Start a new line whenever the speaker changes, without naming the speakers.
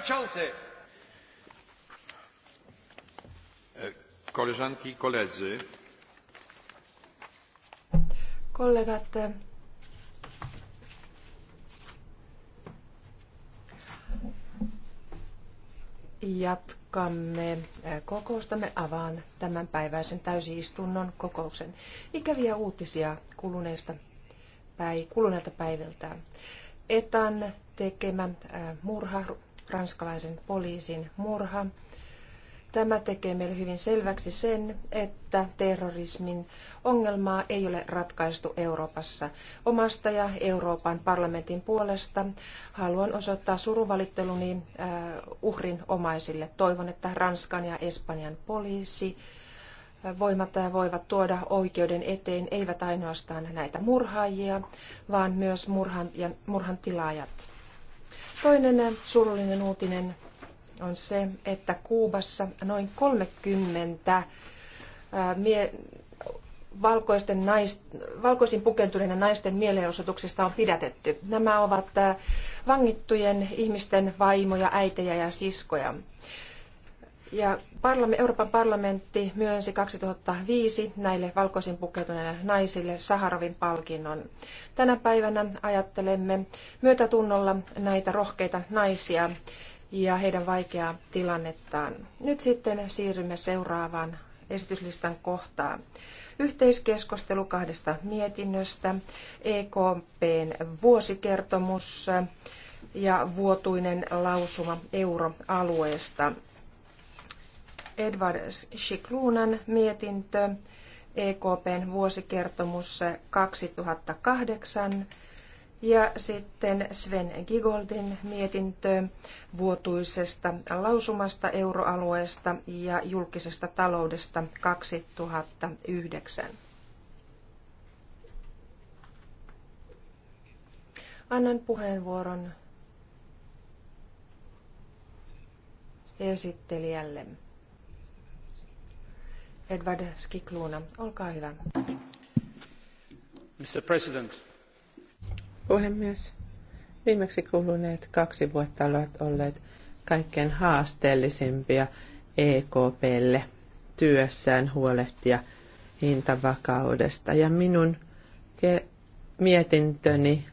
przewodniczący! E, koleżanki i koledzy. Kollegat, e, jatkamme e, kokoustamme. Avaan tämän päiväisen täysistunnon kokouksen. Ikäviä uutisia kuluneesta päi, kuluneelta päiviltä. Etan tekemä murha ranskalaisen poliisin murha. Tämä tekee meille hyvin selväksi sen, että terrorismin ongelmaa ei ole ratkaistu Euroopassa. Omasta ja Euroopan parlamentin puolesta haluan osoittaa suruvalitteluni äh, uhrin omaisille. Toivon, että Ranskan ja Espanjan poliisi äh, voimat äh, voivat tuoda oikeuden eteen eivät ainoastaan näitä murhaajia, vaan myös murhan, ja murhan tilaajat. Toinen surullinen uutinen on se, että Kuubassa noin 30 valkoisten nais, valkoisin pukeutuneiden naisten mielenosoituksista on pidätetty. Nämä ovat vangittujen ihmisten vaimoja, äitejä ja siskoja. Ja Euroopan parlamentti myönsi 2005 näille valkoisin pukeutuneille naisille Saharovin palkinnon. Tänä päivänä ajattelemme myötätunnolla näitä rohkeita naisia ja heidän vaikeaa tilannettaan. Nyt sitten siirrymme seuraavaan esityslistan kohtaan. Yhteiskeskustelu kahdesta mietinnöstä, EKPn vuosikertomus ja vuotuinen lausuma euroalueesta. Edward Shikluunan mietintö, EKPn vuosikertomus 2008 ja sitten Sven Gigoldin mietintö vuotuisesta lausumasta euroalueesta ja julkisesta taloudesta 2009. Annan puheenvuoron esittelijälle. Edward Skikluna, olkaa hyvä. Mr. President. Puhemies, viimeksi kuluneet kaksi vuotta ovat olleet kaikkein haasteellisimpia EKPlle työssään huolehtia hintavakaudesta. Ja minun mietintöni